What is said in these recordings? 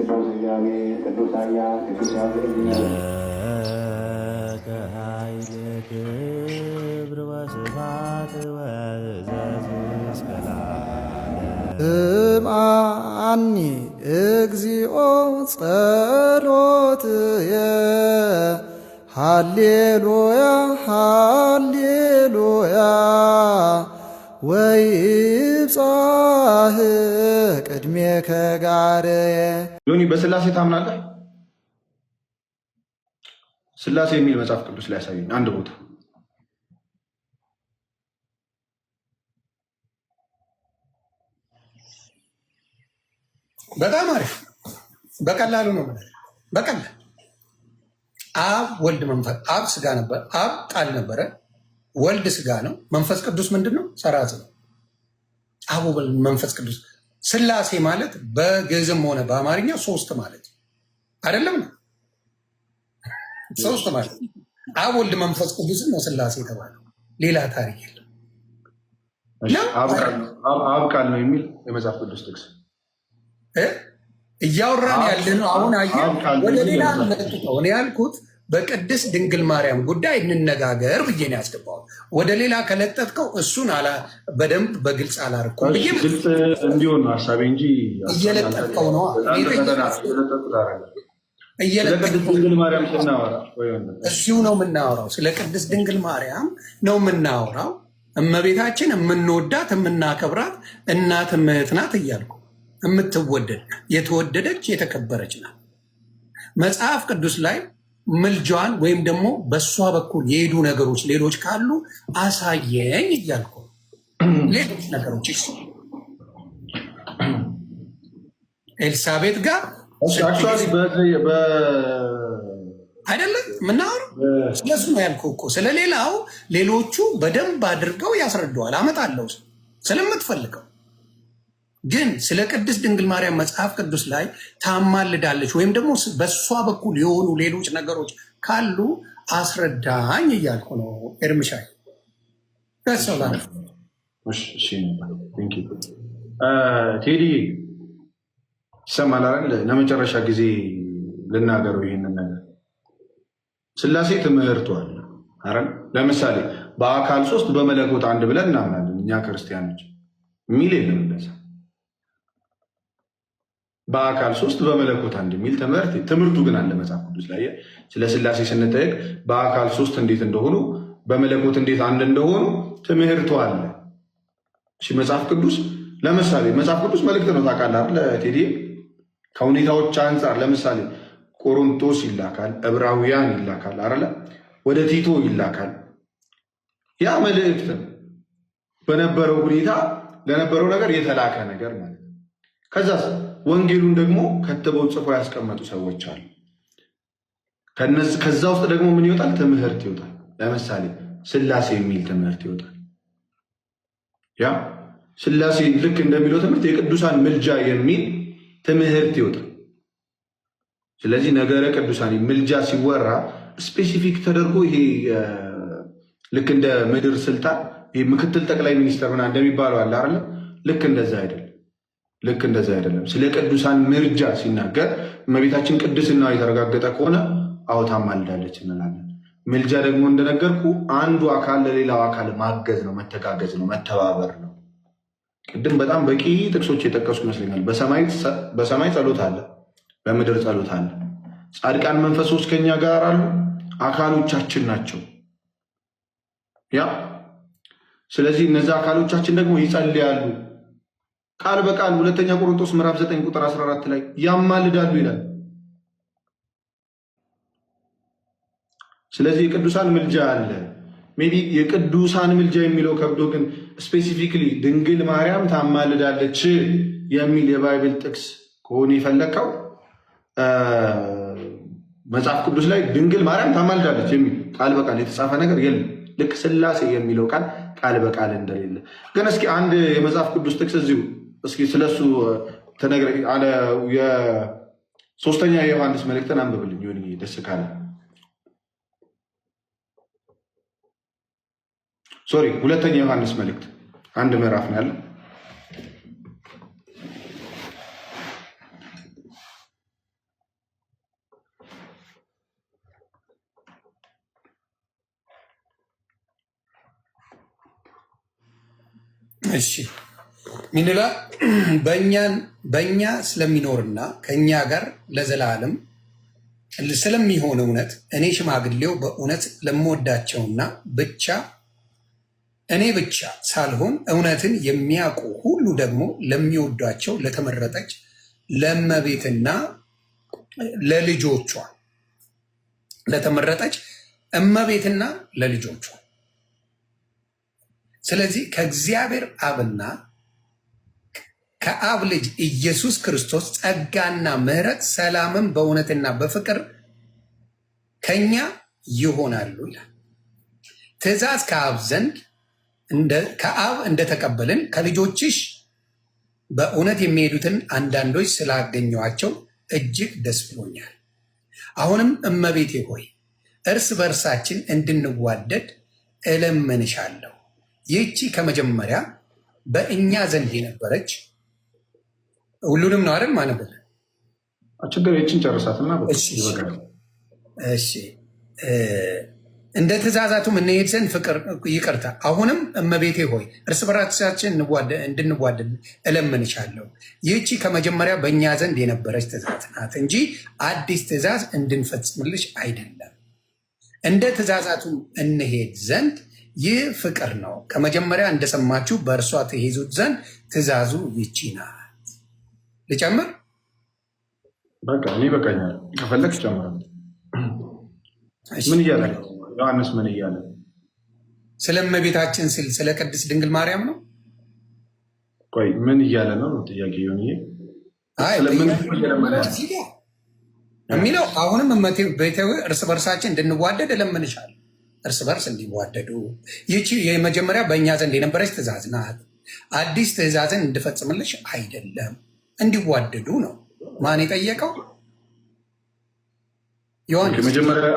ቅዱስ እግዚአብሔር ቅዱስ አያ ቅዱስ ያብቅልከሀይል ክብር ወስባት እምአኒ እግዚኦ ጸሎትየ ሃሌሉያ ሃሌሉያ ወይብጻህ ቅድሜከ ጋርየ ዮኒ በስላሴ ታምናለህ? ስላሴ የሚል መጽሐፍ ቅዱስ ላይ ያሳየኝ አንድ ቦታ በጣም አሪፍ በቀላሉ ነው። በቀላ አብ ወልድ መንፈስ አብ ስጋ ነበር፣ አብ ቃል ነበረ፣ ወልድ ስጋ ነው። መንፈስ ቅዱስ ምንድን ነው? ሰራት ነው። አብ ወልድ መንፈስ ቅዱስ ስላሴ ማለት በግዕዝም ሆነ በአማርኛ ሶስት ማለት አይደለም ነው። ሶስት ማለት አብ፣ ወልድ፣ መንፈስ ቅዱስ ነው ስላሴ የተባለው ሌላ ታሪክ የለም። አብ ቃል ነው የሚል የመጽሐፍ ቅዱስ ጥቅስ እያወራን ያለ ነው። አሁን አየህ፣ ወደ ሌላ መጥቶ እኔ ያልኩት በቅድስት ድንግል ማርያም ጉዳይ እንነጋገር ብዬ ነው ያስገባው። ወደ ሌላ ከለጠጥከው እሱን በደንብ በግልጽ አላርኩም ብዬ እንዲሆን ሀሳቤ እንጂ እየለጠጥከው ነው ነው የምናወራው። ስለ ቅድስት ድንግል ማርያም ነው የምናወራው። እመቤታችን የምንወዳት የምናከብራት እናት እምህት ናት እያልኩ የምትወደድ የተወደደች የተከበረች ናት። መጽሐፍ ቅዱስ ላይ ምልጃዋን ወይም ደግሞ በእሷ በኩል የሄዱ ነገሮች ሌሎች ካሉ አሳየኝ እያልኩ ሌሎች ነገሮች ኤልሳቤት ጋር አይደለም ስለሱ ነው ያልከው እኮ ስለሌላው ሌሎቹ በደንብ አድርገው ያስረዳዋል። አመጣለሁ ስለምትፈልገው ግን ስለ ቅድስት ድንግል ማርያም መጽሐፍ ቅዱስ ላይ ታማልዳለች ወይም ደግሞ በእሷ በኩል የሆኑ ሌሎች ነገሮች ካሉ አስረዳኝ እያልኩ ነው። ኤርምሻ ቴዲ ይሰማላል። ለመጨረሻ ጊዜ ልናገሩ ይህንን ነገር ስላሴ አለ። አረ ለምሳሌ በአካል ሶስት በመለኮት አንድ ብለን እናምናለን እኛ ክርስቲያኖች የሚል የለም በአካል ሶስት በመለኮት አንድ የሚል ትምህርት ትምህርቱ ግን አለ መጽሐፍ ቅዱስ ላይ። ስለ ስላሴ ስንጠየቅ በአካል ሶስት እንዴት እንደሆኑ በመለኮት እንዴት አንድ እንደሆኑ ትምህርቱ አለ። መጽሐፍ ቅዱስ ለምሳሌ መጽሐፍ ቅዱስ መልእክት ነው ታውቃለህ ቴዲ። ከሁኔታዎች አንጻር ለምሳሌ ቆሮንቶስ ይላካል፣ እብራውያን ይላካል፣ አለ ወደ ቲቶ ይላካል። ያ መልእክት በነበረው ሁኔታ ለነበረው ነገር የተላከ ነገር ማለት ከዛ ወንጌሉን ደግሞ ከትበው ጽፎ ያስቀመጡ ሰዎች አሉ። ከዛ ውስጥ ደግሞ ምን ይወጣል? ትምህርት ይወጣል። ለምሳሌ ስላሴ የሚል ትምህርት ይወጣል። ያ ስላሴ ልክ እንደሚለው ትምህርት የቅዱሳን ምልጃ የሚል ትምህርት ይወጣል። ስለዚህ ነገረ ቅዱሳን ምልጃ ሲወራ ስፔሲፊክ ተደርጎ ይሄ ልክ እንደ ምድር ስልጣን ምክትል ጠቅላይ ሚኒስተር ምናምን እንደሚባለው አለ አይደለም። ልክ እንደዛ አይደለም። ልክ እንደዚ አይደለም። ስለ ቅዱሳን ምርጃ ሲናገር እመቤታችን ቅዱስና የተረጋገጠ ከሆነ አውታ ማልዳለች እንላለን። ምልጃ ደግሞ እንደነገርኩ አንዱ አካል ለሌላው አካል ማገዝ ነው፣ መተጋገዝ ነው፣ መተባበር ነው። ቅድም በጣም በቂ ጥቅሶች የጠቀሱ ይመስለኛል። በሰማይ ጸሎት አለ፣ በምድር ጸሎት አለ። ጻድቃን መንፈሶች ከኛ ጋር አሉ፣ አካሎቻችን ናቸው። ያ ስለዚህ እነዚህ አካሎቻችን ደግሞ ይጸልያሉ ቃል በቃል ሁለተኛ ቆሮንቶስ ምዕራፍ 9 ቁጥር 14 ላይ ያማልዳሉ ይላል። ስለዚህ የቅዱሳን ምልጃ አለ። ሜቢ የቅዱሳን ምልጃ የሚለው ከብዶ ግን ስፔሲፊክሊ ድንግል ማርያም ታማልዳለች የሚል የባይብል ጥቅስ ከሆነ የፈለግከው መጽሐፍ ቅዱስ ላይ ድንግል ማርያም ታማልዳለች የሚል ቃል በቃል የተጻፈ ነገር የለም። ልክ ስላሴ የሚለው ቃል ቃል በቃል እንደሌለ ግን እስኪ አንድ የመጽሐፍ ቅዱስ ጥቅስ እዚሁ እስኪ ስለሱ ሶስተኛ የዮሐንስ መልእክትን አንብብልኝ ሆን ደስ ካለ። ሶሪ ሁለተኛ ዮሐንስ መልእክት አንድ ምዕራፍ ነው ያለ። እሺ ምን ይላል? በእኛ ስለሚኖርና ከእኛ ጋር ለዘላለም ስለሚሆን እውነት እኔ ሽማግሌው በእውነት ለምወዳቸውና ብቻ እኔ ብቻ ሳልሆን እውነትን የሚያውቁ ሁሉ ደግሞ ለሚወዷቸው ለተመረጠች ለእመቤትና ለልጆቿ ለተመረጠች እመቤትና ለልጆቿ ስለዚህ ከእግዚአብሔር አብና ከአብ ልጅ ኢየሱስ ክርስቶስ ጸጋና ምሕረት ሰላምም በእውነትና በፍቅር ከኛ ይሆናሉ ይላል። ትእዛዝ ከአብ ዘንድ ከአብ እንደተቀበልን ከልጆችሽ በእውነት የሚሄዱትን አንዳንዶች ስላገኘኋቸው እጅግ ደስ ብሎኛል። አሁንም እመቤቴ ሆይ እርስ በእርሳችን እንድንዋደድ እለምንሻለሁ። ይህቺ ከመጀመሪያ በእኛ ዘንድ የነበረች ሁሉንም ነው አይደል? ማነበል ችግር የችን ጨርሳት እና እሺ እንደ ትእዛዛቱ እንሄድ ዘንድ ፍቅር ይቅርታ። አሁንም እመቤቴ ሆይ እርስ በራሳችን እንድንዋደድ እለምንሻለሁ። ይህቺ ከመጀመሪያ በእኛ ዘንድ የነበረች ትእዛዝ ናት እንጂ አዲስ ትእዛዝ እንድንፈጽምልሽ አይደለም። እንደ ትእዛዛቱ እንሄድ ዘንድ ይህ ፍቅር ነው። ከመጀመሪያ እንደሰማችሁ በእርሷ ትሄዙት ዘንድ ትእዛዙ ይቺ ናት። ልጨምር? በቃ እኔ በቃኛል። ከፈለግ ምን እያለ ዮሐንስ ምን እያለ ስለ እመቤታችን ስል ስለ ቅድስት ድንግል ማርያም ነው። ቆይ ምን እያለ ነው ጥያቄ ሆን የሚለው አሁንም እርስ በርሳችን እንድንዋደድ እለምንሻል። እርስ በርስ እንዲዋደዱ ይቺ የመጀመሪያ በእኛ ዘንድ የነበረች ትእዛዝ ናት። አዲስ ትእዛዝን እንድፈጽምልሽ አይደለም እንዲዋደዱ ነው። ማን የጠየቀው? ዮሐንስ። መጀመሪያ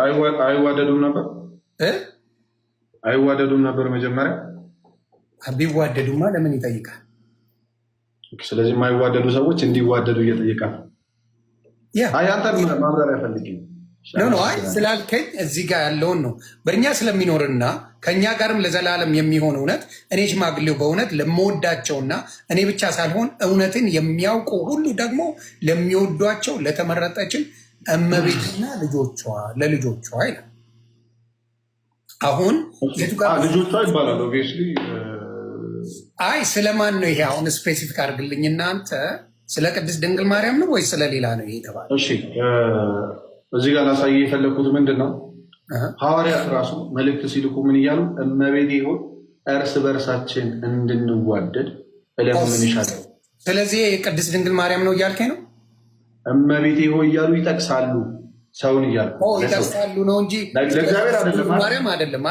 አይዋደዱም ነበር አይዋደዱም ነበር መጀመሪያ። ቢዋደዱማ ለምን ይጠይቃል? ስለዚህ የማይዋደዱ ሰዎች እንዲዋደዱ እየጠየቃል። አንተ ማብራሪያ ፈልግ ኖ ኖ አይ ስላልከኝ እዚህ ጋር ያለውን ነው በእኛ ስለሚኖርና ከእኛ ጋርም ለዘላለም የሚሆን እውነት እኔ ሽማግሌው በእውነት ለመወዳቸውና እኔ ብቻ ሳልሆን እውነትን የሚያውቁ ሁሉ ደግሞ ለሚወዷቸው ለተመረጠችን እመቤትና ልጆቿ ለልጆቿ ይላል። አሁን ልጆቿ ይባላል። አይ ስለማን ነው ይሄ? አሁን ስፔሲፊክ አድርግልኝ እናንተ። ስለ ቅድስት ድንግል ማርያም ነው ወይስ ስለሌላ ነው ይሄ የተባለው? እዚህ ጋር ላሳየ የፈለግኩት ምንድን ነው፣ ሐዋርያት ራሱ መልእክት ሲልኩ ምን እያሉ እመቤቴ ሆይ እርስ በርሳችን እንድንዋደድ እለምንሻለሁ። ስለዚህ የቅድስት ድንግል ማርያም ነው እያልከኝ ነው። እመቤቴ ሆይ እያሉ ይጠቅሳሉ፣ ሰውን እያሉ ይጠቅሳሉ ነው እንጂ ለእግዚአብሔር አይደለም፣ ማርያም አይደለም፣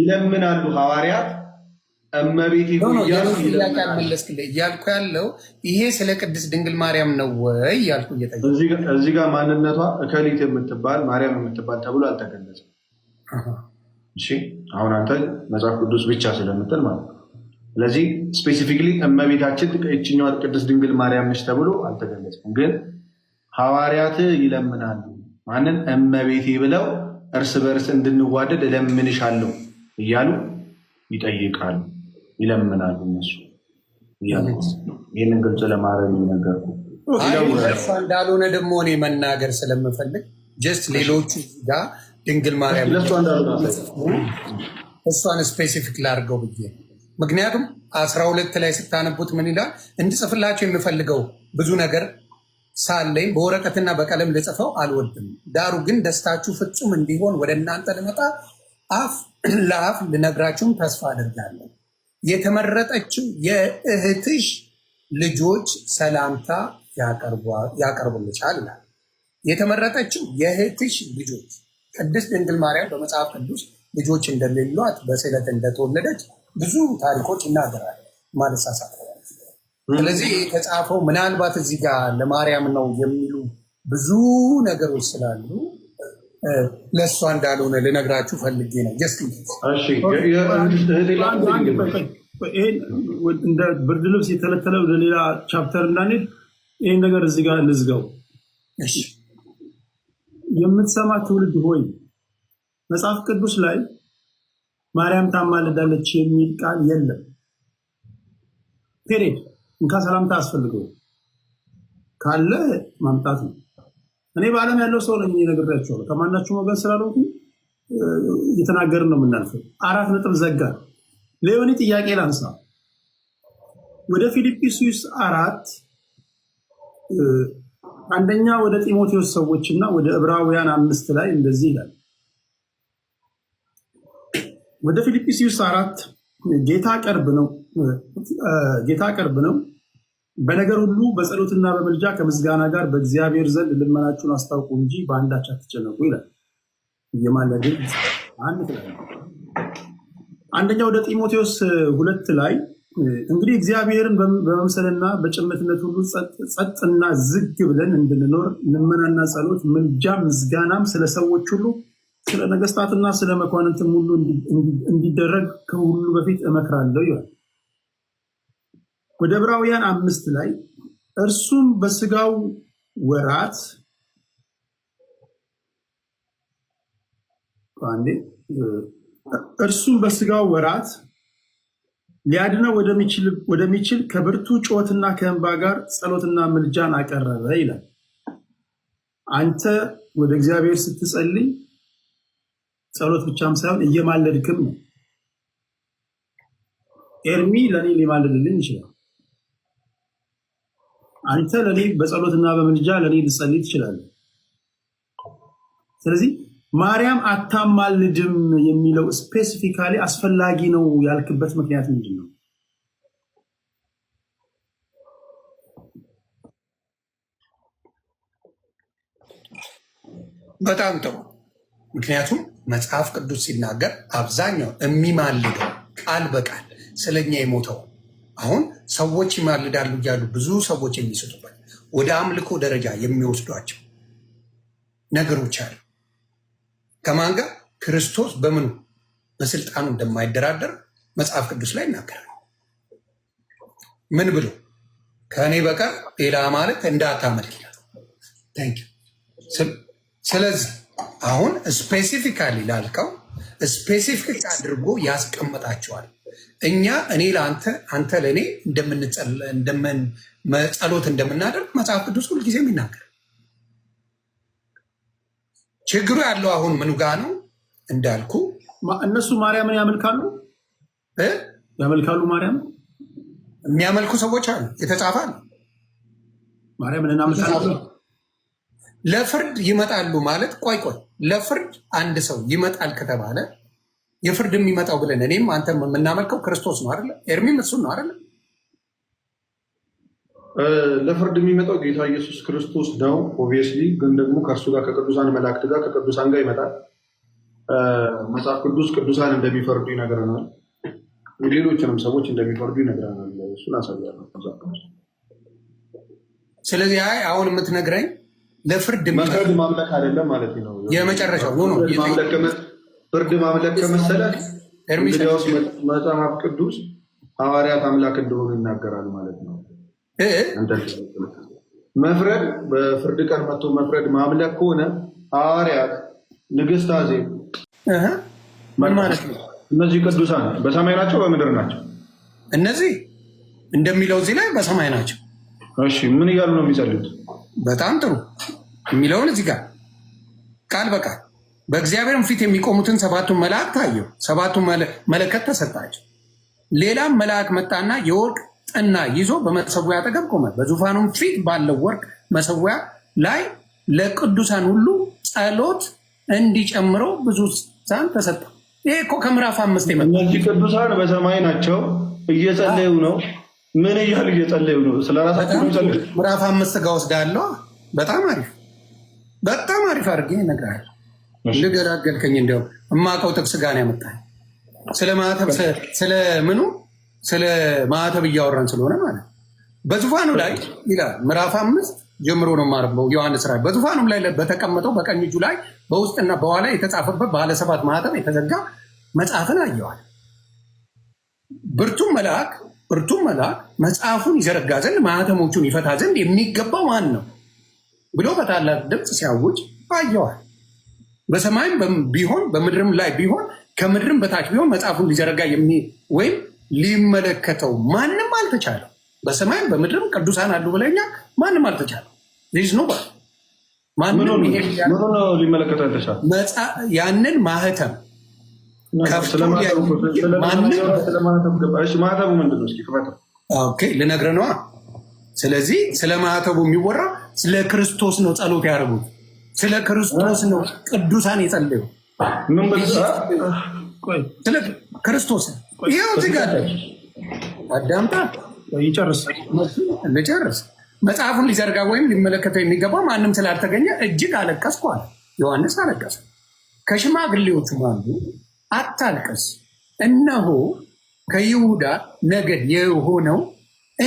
ይለምናሉ ሐዋርያት እመቤቴ እያልኩ ያለው ይሄ ስለ ቅድስት ድንግል ማርያም ነው ወይ እያልኩ እየጠየኩ እዚህ ጋር ማንነቷ እከሊት የምትባል ማርያም የምትባል ተብሎ አልተገለጸም። እሺ አሁን አንተ መጽሐፍ ቅዱስ ብቻ ስለምትል ማለት ነው። ስለዚህ ስፔሲፊክሊ እመቤታችን ይችኛዋ ቅድስት ድንግል ማርያም ነች ተብሎ አልተገለጸም። ግን ሐዋርያት ይለምናሉ። ማንን እመቤቴ ብለው እርስ በእርስ እንድንዋደድ እለምንሻለሁ እያሉ ይጠይቃሉ። ይለምናሉ እነሱ ይህንን ግልጽ ለማድረግ ይነገርኩ እንዳልሆነ ደግሞ እኔ መናገር ስለምፈልግ ጀስት ሌሎቹ ጋ ድንግል ማርያም እሷን ስፔሲፊክ ላድርገው ብዬ ምክንያቱም አስራ ሁለት ላይ ስታነቡት ምን ይላል? እንድጽፍላቸው የምፈልገው ብዙ ነገር ሳለኝ በወረቀትና በቀለም ልጽፈው አልወድም። ዳሩ ግን ደስታችሁ ፍጹም እንዲሆን ወደ እናንተ ልመጣ አፍ ለአፍ ልነግራችሁም ተስፋ አድርጋለሁ። የተመረጠችው የእህትሽ ልጆች ሰላምታ ያቀርቡልሻል የተመረጠችው የእህትሽ ልጆች ቅድስት ድንግል ማርያም በመጽሐፍ ቅዱስ ልጆች እንደሌሏት በስዕለት እንደተወለደች ብዙ ታሪኮች ይናገራል። ማለሳሳት ስለዚህ የተጻፈው ምናልባት እዚህ ጋር ለማርያም ነው የሚሉ ብዙ ነገሮች ስላሉ ለእሷ እንዳልሆነ ልነግራችሁ ፈልጌ ነው። እንደ ብርድ ልብስ የተለተለ ወደ ሌላ ቻፕተር እንዳንሄድ ይህን ነገር እዚህ ጋር እንዝጋው። የምትሰማ ትውልድ ሆይ መጽሐፍ ቅዱስ ላይ ማርያም ታማልዳለች የሚል ቃል የለም። ፔሬድ እንካ ሰላምታ አስፈልገው ካለ ማምጣት ነው። እኔ በዓለም ያለው ሰው ነኝ እነግራቸዋለሁ። ከማናችሁ ወገን ስላልሆንኩ እየተናገርን ነው የምናልፈው። አራት ነጥብ ዘጋ። ለዮኒ ጥያቄ ላንሳ። ወደ ፊልጵስዩስ አራት አንደኛ ወደ ጢሞቴዎስ ሰዎች እና ወደ ዕብራውያን አምስት ላይ እንደዚህ ይላል። ወደ ፊልጵስዩስ አራት ጌታ ቅርብ ነው ጌታ ቅርብ ነው በነገር ሁሉ በጸሎትና በምልጃ ከምስጋና ጋር በእግዚአብሔር ዘንድ ልመናችሁን አስታውቁ እንጂ በአንዳች አትጨነቁ ይላል። እየማለድን አንድ አንደኛ ወደ ጢሞቴዎስ ሁለት ላይ እንግዲህ እግዚአብሔርን በመምሰልና በጭምትነት ሁሉ ጸጥና ዝግ ብለን እንድንኖር ልመናና ጸሎት፣ ምልጃ ምስጋናም ስለ ሰዎች ሁሉ ስለ ነገስታትና ስለ መኳንንትም ሁሉ እንዲደረግ ከሁሉ በፊት እመክራለሁ ይላል። ወደ ዕብራውያን አምስት ላይ እርሱም በስጋው ወራት እርሱም በስጋው ወራት ሊያድነው ወደሚችል ከብርቱ ጩኸትና ከእንባ ጋር ጸሎትና ምልጃን አቀረበ ይላል። አንተ ወደ እግዚአብሔር ስትጸልይ ጸሎት ብቻም ሳይሆን እየማለድክም ነው። ኤርሚ ለእኔ ሊማልድልኝ ይችላል። አንተ ለእኔ በጸሎትና በምልጃ ለእኔ ልጸልይ ትችላለህ። ስለዚህ ማርያም አታማልድም የሚለው ስፔሲፊካሊ አስፈላጊ ነው ያልክበት ምክንያት ምንድን ነው? በጣም ጥሩ። ምክንያቱም መጽሐፍ ቅዱስ ሲናገር አብዛኛው የሚማልደው ቃል በቃል ስለኛ የሞተው አሁን ሰዎች ይማልዳሉ እያሉ ብዙ ሰዎች የሚሰጡበት ወደ አምልኮ ደረጃ የሚወስዷቸው ነገሮች አሉ። ከማን ጋር ክርስቶስ በምኑ በስልጣኑ እንደማይደራደር መጽሐፍ ቅዱስ ላይ ይናገራል። ምን ብሎ ከእኔ በቀር ሌላ ማለት እንዳታመልክ ይላል። ስለዚህ አሁን ስፔሲፊካሊ ላልከው ስፔሲፊክ አድርጎ ያስቀምጣቸዋል። እኛ እኔ ለአንተ አንተ ለእኔ እንደምንጸሎት እንደምናደርግ መጽሐፍ ቅዱስ ሁልጊዜም ይናገር። ችግሩ ያለው አሁን ምኑ ጋ ነው እንዳልኩ፣ እነሱ ማርያምን ያመልካሉ ያመልካሉ። ማርያም የሚያመልኩ ሰዎች አሉ። የተጻፈ ነው ማርያምን እናመልካለን። ለፍርድ ይመጣሉ ማለት ቆይ ቆይ፣ ለፍርድ አንድ ሰው ይመጣል ከተባለ የፍርድ የሚመጣው ብለን እኔም አንተ የምናመልከው ክርስቶስ ነው አይደለ? ኤርሚም እሱ ነው አይደለ? ለፍርድ የሚመጣው ጌታ ኢየሱስ ክርስቶስ ነው። ኦብቪየስሊ ግን ደግሞ ከእርሱ ጋር ከቅዱሳን መላእክት ጋር ከቅዱሳን ጋር ይመጣል። መጽሐፍ ቅዱስ ቅዱሳን እንደሚፈርዱ ይነግረናል። ሌሎችንም ሰዎች እንደሚፈርዱ ይነግረናል። እሱን አሳያለሁ። ስለዚህ አይ አሁን የምትነግረኝ ለፍርድ መፍረድ ማምለክ አይደለም ማለት ነው። የመጨረሻው ነው ነው ፍርድ ማምለክ ከመሰለህ እንግዲያውስ መጽሐፍ ቅዱስ ሐዋርያት አምላክ እንደሆኑ ይናገራል ማለት ነው። መፍረድ በፍርድ ቀን መጥቶ መፍረድ ማምለክ ከሆነ ሐዋርያት፣ ንግስት አዜብ እነዚህ ቅዱሳን በሰማይ ናቸው በምድር ናቸው? እነዚህ እንደሚለው እዚህ ላይ በሰማይ ናቸው። እሺ ምን እያሉ ነው የሚጸልዩት? በጣም ጥሩ የሚለውን እዚህ ጋር ቃል በቃል በእግዚአብሔርም ፊት የሚቆሙትን ሰባቱን መልአክ ታየው ሰባቱን መለከት ተሰጣቸው። ሌላም መልአክ መጣና የወርቅ ጥና ይዞ በመሰዊያ አጠገብ ቆመ። በዙፋኑም ፊት ባለው ወርቅ መሰዊያ ላይ ለቅዱሳን ሁሉ ጸሎት እንዲጨምረው ብዙ ሳን ተሰጠ። ይሄ እኮ ከምዕራፍ አምስት ይመጣል። እነዚህ ቅዱሳን በሰማይ ናቸው፣ እየጸለዩ ነው። ምን እያሉ እየጸለዩ ነው? ስለራሳቸው ምዕራፍ አምስት ጋር ወስዳለሁ። በጣም አሪፍ በጣም አሪፍ አድርጌ እነግርሃለሁ። እንደገላገልከኝ እንዲያውም እማቀው ጥቅስ ጋር ነው ያመጣኸኝ። ስለ ምኑ ስለ ማዕተብ እያወራን ስለሆነ ማለት በዙፋኑ ላይ ይላል ምዕራፍ አምስት ጀምሮ ነው የማነበው ዮሐንስ ራእይ። በዙፋኑም ላይ በተቀመጠው በቀኝ እጁ ላይ በውስጥና በኋላ የተጻፈበት ባለሰባት ማዕተብ የተዘጋ መጽሐፍን አየዋል። ብርቱም መልአክ ብርቱም መልአክ መጽሐፉን ይዘረጋ ዘንድ ማዕተሞቹን ይፈታ ዘንድ የሚገባው ማን ነው ብሎ በታላቅ ድምፅ ሲያውጅ አየዋል። በሰማይም ቢሆን በምድርም ላይ ቢሆን ከምድርም በታች ቢሆን መጽሐፉን ሊዘረጋ ወይም ሊመለከተው ማንም አልተቻለም። በሰማይም በምድርም ቅዱሳን አሉ ብለኛ ማንም አልተቻለም። ዝ ኖ ያንን ማህተም ልነግረህ ነዋ። ስለዚህ ስለ ማህተቡ የሚወራ ስለ ክርስቶስ ነው ጸሎት ያደረጉት ስለ ክርስቶስ ነው ቅዱሳን የጸለዩ ስለ ክርስቶስ ይኸው ትጋለ አዳምጣ ልጨርስ መጽሐፉን ሊዘርጋ ወይም ሊመለከተው የሚገባው ማንም ስላልተገኘ እጅግ አለቀስኳል። ዮሐንስ አለቀሰ። ከሽማግሌዎቹ አንዱ አታልቀስ፣ እነሆ ከይሁዳ ነገድ የሆነው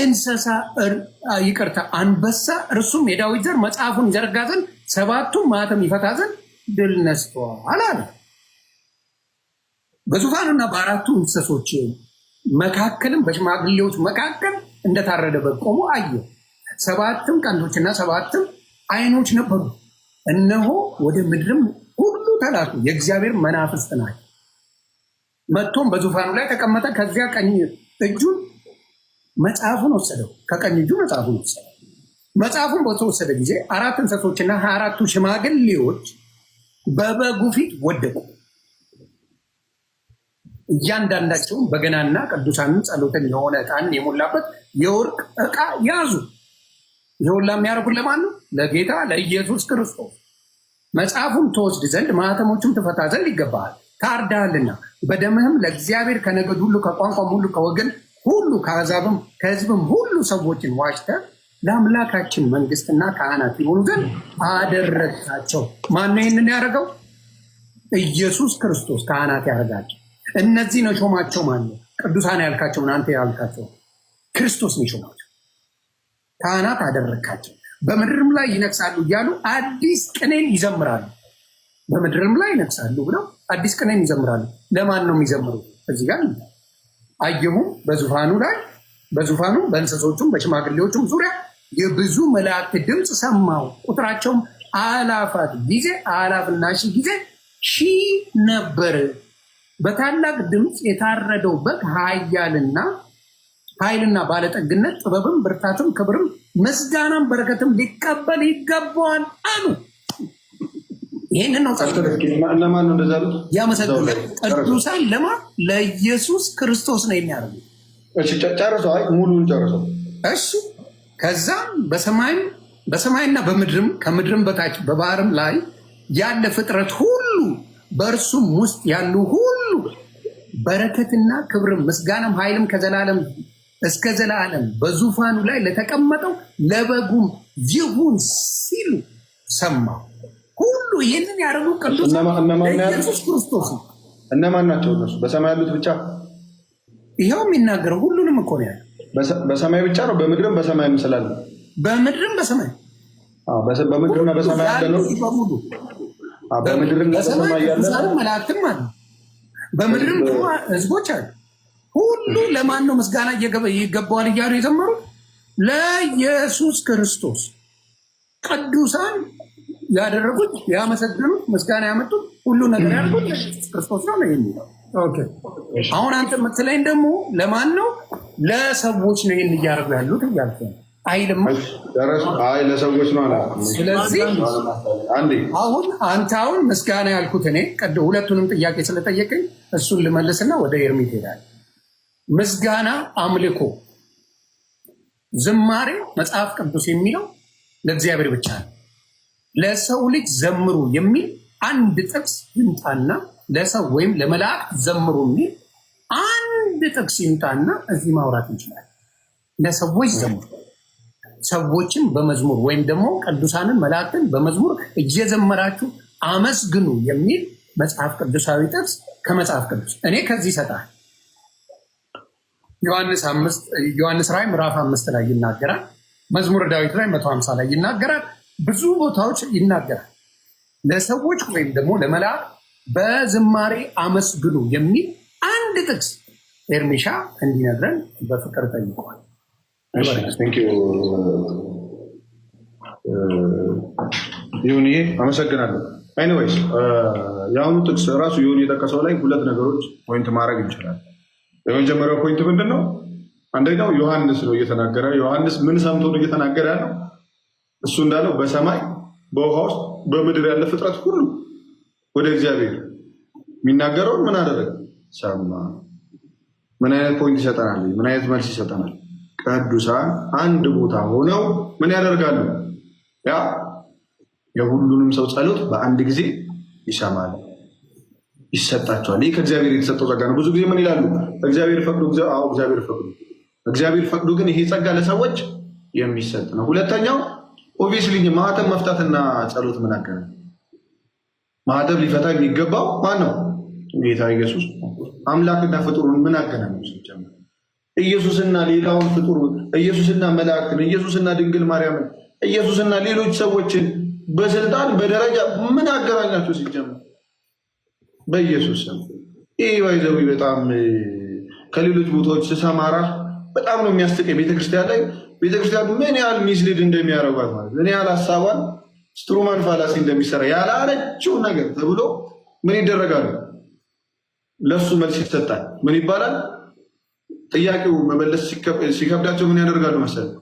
እንስሳ ይቅርታ፣ አንበሳ እርሱም የዳዊት ዘር መጽሐፉን ይዘርጋ ዘንድ ሰባቱም ማተም ይፈታ ዘንድ ድል ነስተዋል አለ። በዙፋኑና በአራቱ እንስሶች መካከልም በሽማግሌዎች መካከል እንደታረደ በግ ቆሞ አየሁ። ሰባትም ቀንዶችና ሰባትም አይኖች ነበሩ። እነሆ ወደ ምድርም ሁሉ ተላኩ፣ የእግዚአብሔር መናፍስት ናቸው። መጥቶም በዙፋኑ ላይ ተቀመጠ። ከዚያ ቀኝ እጁን መጽሐፉን ወሰደው፣ ከቀኝ እጁ መጽሐፉን ወሰደው መጽሐፉን በተወሰደ ጊዜ አራት እንስሶችና ሀያ አራቱ ሽማግሌዎች በበጉ ፊት ወደቁ። እያንዳንዳቸውም በገናና ቅዱሳንን ጸሎትን የሆነ ዕጣን የሞላበት የወርቅ ዕቃ ያዙ። ይሁላ የሚያደርጉት ለማን ነው? ለጌታ ለኢየሱስ ክርስቶስ። መጽሐፉን ትወስድ ዘንድ ማህተሞቹም ትፈታ ዘንድ ይገባሃል፣ ታርዳሃልና በደምህም ለእግዚአብሔር ከነገድ ሁሉ ከቋንቋም ሁሉ ከወገን ሁሉ ከአሕዛብም ከሕዝብም ሁሉ ሰዎችን ዋጅተ ለአምላካችን መንግስትና ካህናት የሆኑ ግን አደረግታቸው። ማነው ይህንን ያደረገው? ኢየሱስ ክርስቶስ ካህናት ያደርጋቸው። እነዚህ ነው ሾማቸው። ማነው? ቅዱሳን ያልካቸውን አንተ ያልካቸው ክርስቶስ ነው ሾማቸው? ካህናት አደረግካቸው። በምድርም ላይ ይነግሳሉ እያሉ አዲስ ቅኔን ይዘምራሉ። በምድርም ላይ ይነግሳሉ ብለው አዲስ ቅኔን ይዘምራሉ። ለማን ነው የሚዘምሩ? እዚህ ጋር አየሁም በዙፋኑ ላይ በዙፋኑ በእንስሶቹም በሽማግሌዎቹም ዙሪያ የብዙ መላእክት ድምፅ ሰማሁ። ቁጥራቸውም አላፋት ጊዜ አላፍና ሺ ጊዜ ሺ ነበር። በታላቅ ድምፅ የታረደው በግ ኃያልና ኃይልና ባለጠግነት ጥበብም ብርታትም ክብርም ምስጋናም በረከትም ሊቀበል ይገባዋል አሉ። ይህንን ነው ያመሰግናል። ቅዱሳን ለማ ለኢየሱስ ክርስቶስ ነው የሚያደርጉት። ጨርሰው ሙሉን ጨርሰው። እሱ ከዛም በሰማይም በሰማይና በምድርም ከምድርም በታች በባህርም ላይ ያለ ፍጥረት ሁሉ በእርሱም ውስጥ ያሉ ሁሉ በረከትና ክብርም ምስጋናም ኃይልም ከዘላለም እስከ ዘላለም በዙፋኑ ላይ ለተቀመጠው ለበጉም ይሁን ሲሉ ሰማ። ሁሉ ይህንን ያደረጉ ቅዱስ ኢየሱስ ክርስቶስ እነማን ናቸው? እነሱ በሰማይ ያሉት ብቻ ይኸው የሚናገረው ሁሉንም እኮ ነው ያለው። በሰማይ ብቻ ነው በምድርም በሰማይ ምስላል በምድርም በሰማይ በምድርና በሰማይ ያለው በምድርም በሰማይ መላእክትም አለ በምድርም ህዝቦች አሉ። ሁሉ ለማን ነው ምስጋና ይገባዋል እያሉ የዘመሩ ለኢየሱስ ክርስቶስ ቅዱሳን ያደረጉት ያመሰግኑት ምስጋና ያመጡት ሁሉ ነገር ያደርጉት ለኢየሱስ ክርስቶስ ነው ነው የሚለው አሁን አንተ የምትለኝ ደግሞ ለማን ነው? ለሰዎች ነው ይህን እያደረጉ ያሉት እያልኩ ነው። አይልማ ለሰዎች ነው አለ። ስለዚህ አሁን አንተ አሁን ምስጋና ያልኩት እኔ ቀደ ሁለቱንም ጥያቄ ስለጠየቀኝ እሱን ልመልስና ወደ ኤርሚ ይሄዳል። ምስጋና አምልኮ፣ ዝማሬ መጽሐፍ ቅዱስ የሚለው ለእግዚአብሔር ብቻ ነው። ለሰው ልጅ ዘምሩ የሚል አንድ ጥቅስ ይምጣና ለሰው ወይም ለመላእክት ዘምሩ የሚል አንድ ጥቅስ ይምጣና እዚህ ማውራት እንችላል። ለሰዎች ዘምሩ፣ ሰዎችን በመዝሙር ወይም ደግሞ ቅዱሳንን መላእክትን በመዝሙር እየዘመራችሁ አመስግኑ የሚል መጽሐፍ ቅዱሳዊ ጥቅስ ከመጽሐፍ ቅዱስ እኔ ከዚህ ይሰጣል። ዮሐንስ ራይ ምዕራፍ አምስት ላይ ይናገራል። መዝሙር ዳዊት ላይ መቶ ሀምሳ ላይ ይናገራል። ብዙ ቦታዎች ይናገራል። ለሰዎች ወይም ደግሞ ለመላእክት በዝማሬ አመስግኑ የሚል አንድ ጥቅስ ኤርሚሻ እንዲነግረን በፍቅር ይሁን ይሄ uh, አመሰግናለሁ። ኤኒዌይስ የአሁኑ uh, ጥቅስ እራሱ ይሁን የጠቀሰው ላይ ሁለት ነገሮች ፖይንት ማድረግ እንችላለን። የመጀመሪያው ፖይንት ምንድን ነው? አንደኛው ዮሐንስ ነው እየተናገረ ዮሐንስ ምን ሰምቶ ነው እየተናገረ ያለው? እሱ እንዳለው በሰማይ በውሃ ውስጥ በምድር ያለ ፍጥረት ሁሉ ወደ እግዚአብሔር የሚናገረውን ምን አደረገ? ሰማ። ምን አይነት ፖይንት ይሰጠናል? ምን አይነት መልስ ይሰጠናል? ቅዱሳን አንድ ቦታ ሆነው ምን ያደርጋሉ? ያ የሁሉንም ሰው ጸሎት በአንድ ጊዜ ይሰማል፣ ይሰጣቸዋል። ይህ ከእግዚአብሔር የተሰጠው ጸጋ ነው። ብዙ ጊዜ ምን ይላሉ? እግዚአብሔር ፈቅዶ፣ እግዚአብሔር ፈቅዶ፣ እግዚአብሔር ፈቅዶ። ግን ይሄ ጸጋ ለሰዎች የሚሰጥ ነው። ሁለተኛው ኦብቪየስሊ ማህተም መፍታትና ጸሎት ምን አገናኝ ማዕተብ ሊፈታ የሚገባው ማን ነው? ጌታ ኢየሱስ። አምላክና ፍጡሩን ምን አገናኙ ሲጀመር ኢየሱስና ሌላውን ፍጡር ኢየሱስና መላእክትን ኢየሱስና ድንግል ማርያምን ኢየሱስና ሌሎች ሰዎችን በስልጣን በደረጃ ምን አገናኛቸው? ሲጀመር በኢየሱስ ነው። ይህ ባይዘዊ በጣም ከሌሎች ቦታዎች ስሰማራ በጣም ነው የሚያስጠቀ ቤተክርስቲያን ላይ ቤተክርስቲያን ምን ያህል ሚስሊድ እንደሚያደርጓት ማለት ምን ያህል ሀሳቧን ስትሩማን ፋላሲ እንደሚሰራ ያላለችው ነገር ተብሎ ምን ይደረጋሉ? ለሱ መልስ ይሰጣል። ምን ይባላል? ጥያቄው መመለስ ሲከብዳቸው ምን ያደርጋሉ መሰለህ?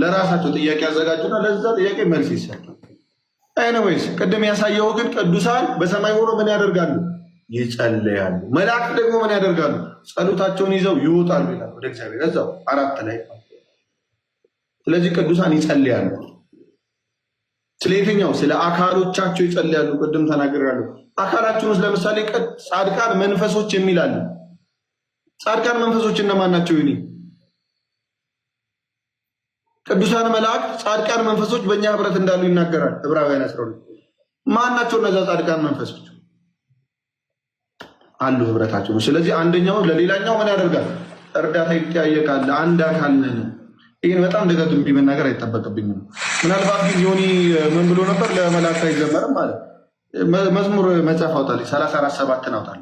ለራሳቸው ጥያቄ ያዘጋጁና ለዛ ጥያቄ መልስ ይሰጣል። ኤኒዌይስ ቅድም ያሳየው ግን ቅዱሳን በሰማይ ሆኖ ምን ያደርጋሉ? ይጸልያሉ? መላእክት ደግሞ ምን ያደርጋሉ? ጸሎታቸውን ይዘው ይወጣሉ ይላል ወደ እግዚአብሔር እዛው አራት ላይ። ስለዚህ ቅዱሳን ይጸልያሉ። ስለ የትኛው ስለ አካሎቻቸው ይጸልያሉ። ቅድም ተናግሬያለሁ። አካላችን ውስጥ ለምሳሌ ጻድቃን መንፈሶች የሚል አለ። ጻድቃን መንፈሶች እነማን ናቸው? ይኒ ቅዱሳን መላእክት ጻድቃን መንፈሶች በእኛ ህብረት እንዳሉ ይናገራል ዕብራውያን አስራ ማን ናቸው እነዛ ጻድቃን መንፈሶች አሉ ህብረታቸው። ስለዚህ አንደኛው ለሌላኛው ምን ያደርጋል? እርዳታ ይጠያየቃል። አንድ አካል ነን። ይህን በጣም ደጋግሜ መናገር አይጠበቅብኝም። ምናልባት ግን ዮኒ ምን ብሎ ነበር? ለመላክ አይዘመርም ማለ መዝሙር መጽሐፍ አውጣልኝ ሰላሳ አራት ሰባትን አውጣል።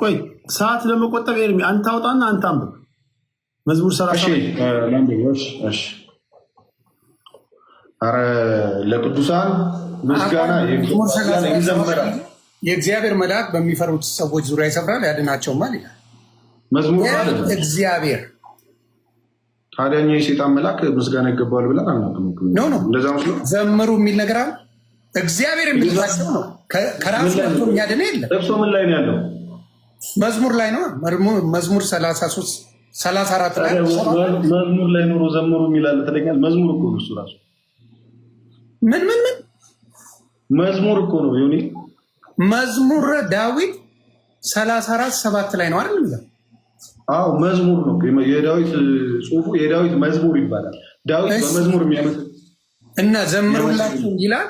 ቆይ ሰዓት ለመቆጠብ ኤርሚ አንተ አውጣና አንተ አንብብ። መዝሙር ሰላሳ ለቅዱሳን ምስጋና ይዘመራል። የእግዚአብሔር መልአክ በሚፈሩት ሰዎች ዙሪያ ይሰፍራል ያድናቸውማል ይላል መዝሙር ማለት ነው። እግዚአብሔር ታዲያኛ የሴጣን መልአክ ምስጋና ይገባዋል ብለን አናምንም። ዘምሩ የሚል ነገር አለ። እግዚአብሔር የሚባለው ነው። ከራሱ ለብሶ የሚያድነ የለም። ለብሶ ምን ላይ ነው ያለው? መዝሙር ላይ ነው። መዝሙር ሰላሳ ሦስት ሰላሳ አራት ላይ መዝሙር ላይ ኖሮ ዘምሩ የሚላለ ተለኛል። መዝሙር እኮ ነው እሱ ራሱ ምን ምን ምን መዝሙር እኮ ነው ሆኔ መዝሙረ ዳዊት 34 ሰባት ላይ ነው አይደል? አዎ መዝሙር ነው የዳዊት ጽሁፉ፣ የዳዊት መዝሙር ይባላል። ዳዊት በመዝሙር የሚያመስ እና ዘምሩላቸው ይላል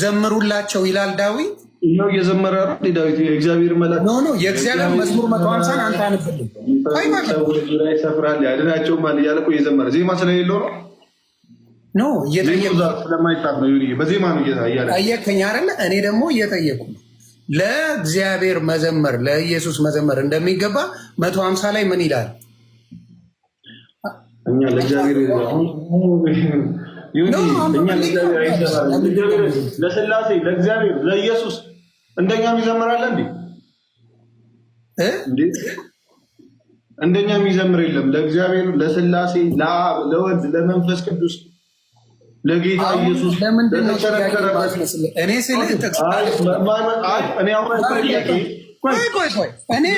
ዘምሩላቸው ይላል ዳዊት ይኸው እየዘመረ ዳዊት የእግዚአብሔር መልአክ ኖ ኖ የእግዚአብሔር መዝሙር መቶ ሀምሳን አንተ አንብልም ሰዎች ላይ ሰፍራል ያድናቸውማል እያለ እኮ እየዘመረ ዜማ ስለሌለው ነው ነው ስለማይጣፍ ነው ዩሪ በዜማ ነው ጠየከኝ አለ እኔ ደግሞ እየጠየቁ ነው። ለእግዚአብሔር መዘመር ለኢየሱስ መዘመር እንደሚገባ መቶ ሀምሳ ላይ ምን ይላል? እኛ ለእግዚአብሔር ለስላሴ ለእግዚአብሔር ለኢየሱስ እንደኛም ይዘምራል እንዴ? እንደኛም ይዘምር የለም። ለእግዚአብሔር ለስላሴ ለወልድ ለመንፈስ ቅዱስ ለጌታ ኢየሱስ እኔ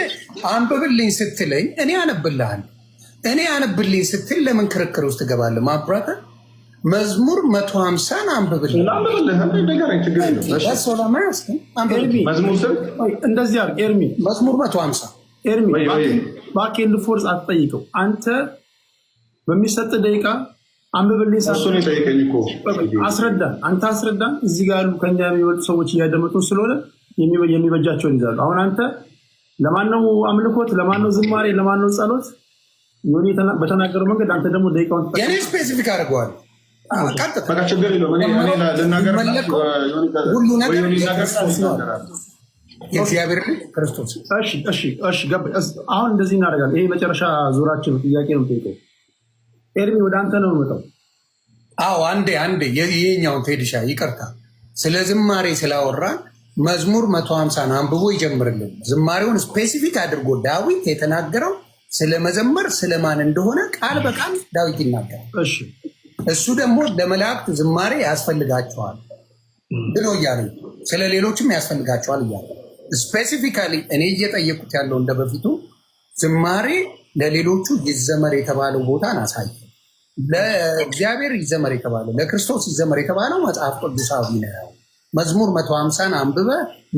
አንብብልኝ ስትለኝ እኔ አነብልሃል። እኔ አነብልኝ ስትል ለምን ክርክር ውስጥ እገባለሁ? ማብራተ መዝሙር መቶ ሀምሳን አንብብልኝ። ኤርሚ መዝሙር መቶ ሀምሳ ኤርሚ ባኬንድ ፎርስ አትጠይቀው። አንተ በሚሰጥ ደቂቃ አንብብልኝ። አስረዳ፣ አንተ አስረዳ። እዚህ ጋር ያሉ ከኛ የሚወጡ ሰዎች እያደመጡ ስለሆነ የሚበጃቸውን ይዛሉ። አሁን አንተ ለማነው አምልኮት፣ ለማነው ዝማሬ፣ ለማነው ጸሎት ሆኔ በተናገረው መንገድ አንተ ደግሞ ደቂቃውን የኔ ስፔሲፊክ አድርገዋል። ችግር የለውም። ሁሉ ነገር የእግዚአብሔር ክርስቶስ። እሺ፣ እሺ፣ እሺ። አሁን እንደዚህ እናደርጋለን። ይሄ መጨረሻ ዙራችን ጥያቄ ነው። ኤርሚ ወደ አንተ ነው መጣው። አዎ አንዴ አንዴ የኛውን ፌድሻ ይቅርታ፣ ስለ ዝማሬ ስላወራን መዝሙር መቶ ሀምሳን አንብቦ ይጀምርልን። ዝማሬውን ስፔሲፊክ አድርጎ ዳዊት የተናገረው ስለመዘመር ስለማን እንደሆነ ቃል በቃል ዳዊት ይናገራል። እሱ ደግሞ ለመላእክት ዝማሬ ያስፈልጋቸዋል ብሎ እያለ ስለ ሌሎችም ያስፈልጋቸዋል እያለ ስፔሲፊካሊ እኔ እየጠየቁት ያለው እንደ ዝማሬ ለሌሎቹ ይዘመር የተባለው ቦታን አሳየ። ለእግዚአብሔር ይዘመር የተባለ ለክርስቶስ ይዘመር የተባለው መጽሐፍ ቅዱሳዊ ነው። መዝሙር መቶ ሀምሳን አንብበ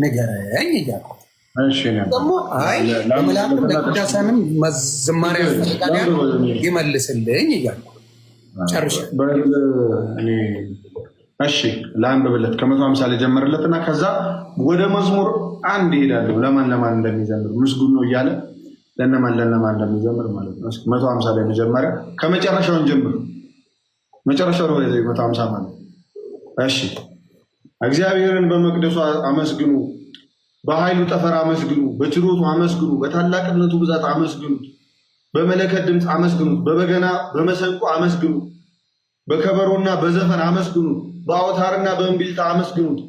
ንገረኝ እያልኩ ደግሞ አይ ለመላእክትም ለቅዳሳንም ዝማሬ ይመልስልኝ እያልኩ እሺ ለአንብብለት ከመቶ ሀምሳ ልጀምርለት እና ከዛ ወደ መዝሙር አንድ ይሄዳለሁ። ለማን ለማን እንደሚዘምር ምስጉን ነው እያለ ለነማን ለነማን እንደሚጀምር ማለት ነው። እስኪ መቶ ሀምሳ ላይ መጀመሪያ ከመጨረሻውን ጀምር። መጨረሻው ነው መቶ ሀምሳ ማለት እሺ። እግዚአብሔርን በመቅደሱ አመስግኑ፣ በኃይሉ ጠፈር አመስግኑ፣ በችሎቱ አመስግኑ፣ በታላቅነቱ ብዛት አመስግኑት፣ በመለከት ድምፅ አመስግኑት፣ በበገና በመሰንቆ አመስግኑ፣ በከበሮና በዘፈን አመስግኑት፣ በአውታርና በእምቢልታ አመስግኑት፣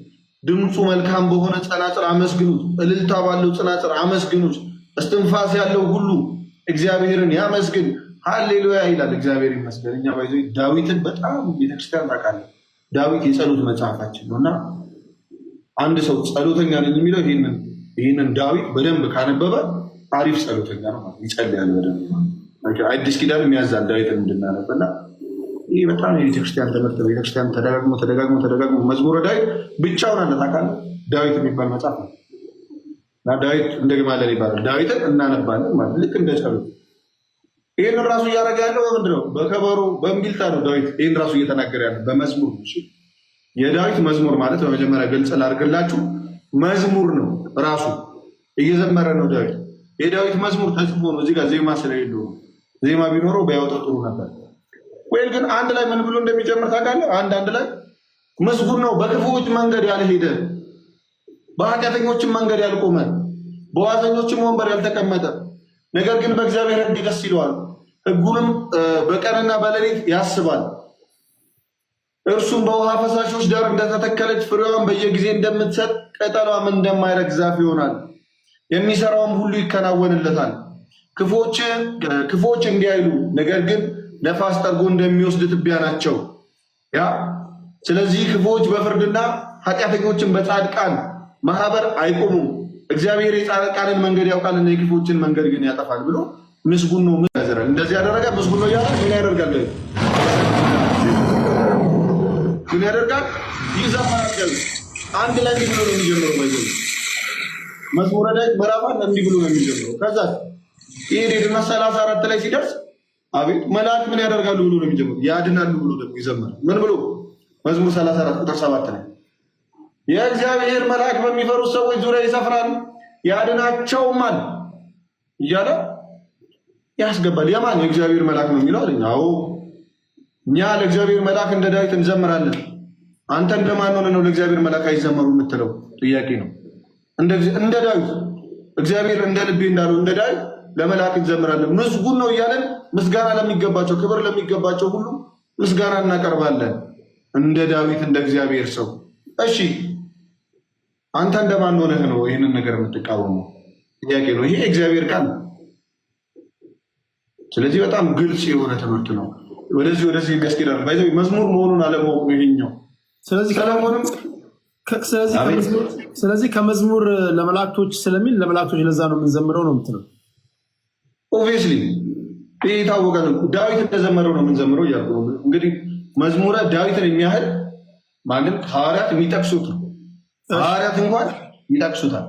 ድምፁ መልካም በሆነ ጸናጽር አመስግኑት፣ እልልታ ባለው ጸናጽል አመስግኑት እስትንፋስ ያለው ሁሉ እግዚአብሔርን ያመስግን፣ ሀሌሉያ ይላል። እግዚአብሔር ይመስገን። እኛ ባይዞ ዳዊትን በጣም ቤተክርስቲያን ታውቃለህ። ዳዊት የጸሎት መጽሐፋችን ነው እና አንድ ሰው ጸሎተኛ ነኝ የሚለው ይህንን ይህንን ዳዊት በደንብ ካነበበ አሪፍ ጸሎተኛ ነው ማለት ይጸልያል በደንብ አዲስ ኪዳን የሚያዛል ዳዊት እንድናነበና ይህ በጣም የቤተክርስቲያን ትምህርት ቤተክርስቲያን ተደጋግሞ ተደጋግሞ ተደጋግሞ መዝሙረ ዳዊት ብቻውን አለ ታውቃለህ። ዳዊት የሚባል መጽሐፍ ነው ዳዊት እንደግማለን ይባላል። ዳዊትን እናነባለን ማለት ልክ እንደ ጨሉ ይህን ራሱ እያደረገ ያለው በምንድን ነው? በከበሮ በእምቢልታ ነው። ዳዊት ይህን ራሱ እየተናገረ ያለ በመዝሙር የዳዊት መዝሙር ማለት በመጀመሪያ ግልጽ ላድርግላችሁ፣ መዝሙር ነው። ራሱ እየዘመረ ነው ዳዊት። የዳዊት መዝሙር ተጽፎ ነው። እዚህ ጋር ዜማ ስለሌለ ዜማ ቢኖረው ቢያወጣው ጥሩ ነበር። ወይል ግን አንድ ላይ ምን ብሎ እንደሚጀምር ታውቃለህ? አንድ አንድ ላይ ምስጉን ነው በክፉዎች መንገድ ያልሄደ በኃጢአተኞችን መንገድ ያልቆመ በዋዘኞችም ወንበር ያልተቀመጠ ነገር ግን በእግዚአብሔር ሕግ ደስ ይለዋል፣ ሕጉንም በቀንና በሌሊት ያስባል። እርሱም በውሃ ፈሳሾች ዳር እንደተተከለች ፍሬዋን በየጊዜ እንደምትሰጥ ቅጠሏም እንደማይረግፍ ዛፍ ይሆናል። የሚሰራውም ሁሉ ይከናወንለታል። ክፎች እንዲያይሉ ነገር ግን ነፋስ ጠርጎ እንደሚወስድ ትቢያ ናቸው። ያ ስለዚህ ክፎች በፍርድና ኃጢአተኞችን በጻድቃን ማህበር አይቆሙም። እግዚአብሔር የጻድቃንን መንገድ ያውቃል እና የክፎችን መንገድ ግን ያጠፋል ብሎ ምስጉን ነው። ምን ያዘራል? እንደዚህ ያደረገ ምስጉን ነው እያለ ምን ያደርጋል? ምን ያደርጋል? ይዘምራል። አንድ ላይ ብሎ ነው የሚጀምረው። ማለት መዝሙረ ዳዊት ምዕራፍ እንዲህ ብሎ ነው የሚጀምረው። ከዛ ይሄድና ሰላሳ አራት ላይ ሲደርስ አቤት መላእክት ምን ያደርጋሉ ብሎ ነው የሚጀምረው። ያድናሉ ብሎ ደግሞ ይዘምራል። ምን ብሎ መዝሙር አራት ቁጥር ሰባት ላይ የእግዚአብሔር መልአክ በሚፈሩት ሰዎች ዙሪያ ይሰፍራል ያድናቸውማል እያለ ያስገባል። የማን የእግዚአብሔር መልአክ ነው የሚለው አለኝ። አዎ እኛ ለእግዚአብሔር መልአክ እንደ ዳዊት እንዘምራለን። አንተ እንደማን ሆነ ነው ለእግዚአብሔር መልአክ አይዘመሩ የምትለው? ጥያቄ ነው። እንደ ዳዊት እግዚአብሔር እንደ ልቤ እንዳለው እንደ ዳዊት ለመልአክ እንዘምራለን። ምስጉን ነው እያለን ምስጋና ለሚገባቸው ክብር ለሚገባቸው ሁሉ ምስጋና እናቀርባለን። እንደ ዳዊት እንደ እግዚአብሔር ሰው እሺ አንተ እንደማን ሆነህ ነው ይህንን ነገር የምትቃወመው? ጥያቄ ነው። ይሄ እግዚአብሔር ቃል። ስለዚህ በጣም ግልጽ የሆነ ትምህርት ነው። ወደዚህ ወደዚህ የሚያስኬድ ባይዘ መዝሙር መሆኑን አለማወቅ ነው ይሄኛው። ስለዚህ ከመዝሙር ለመላእክቶች ስለሚል ለመላእክቶች ለዛ ነው የምንዘምረው ነው ምትለው። ኦብቪየስሊ ይህ የታወቀ ዳዊት እንደዘመረው ነው የምንዘምረው እያልኩ ነው። እንግዲህ መዝሙረ ዳዊትን የሚያህል ማንም ሐዋርያት የሚጠቅሱት ነው ሐዋርያት እንኳን ይጠቅሱታል።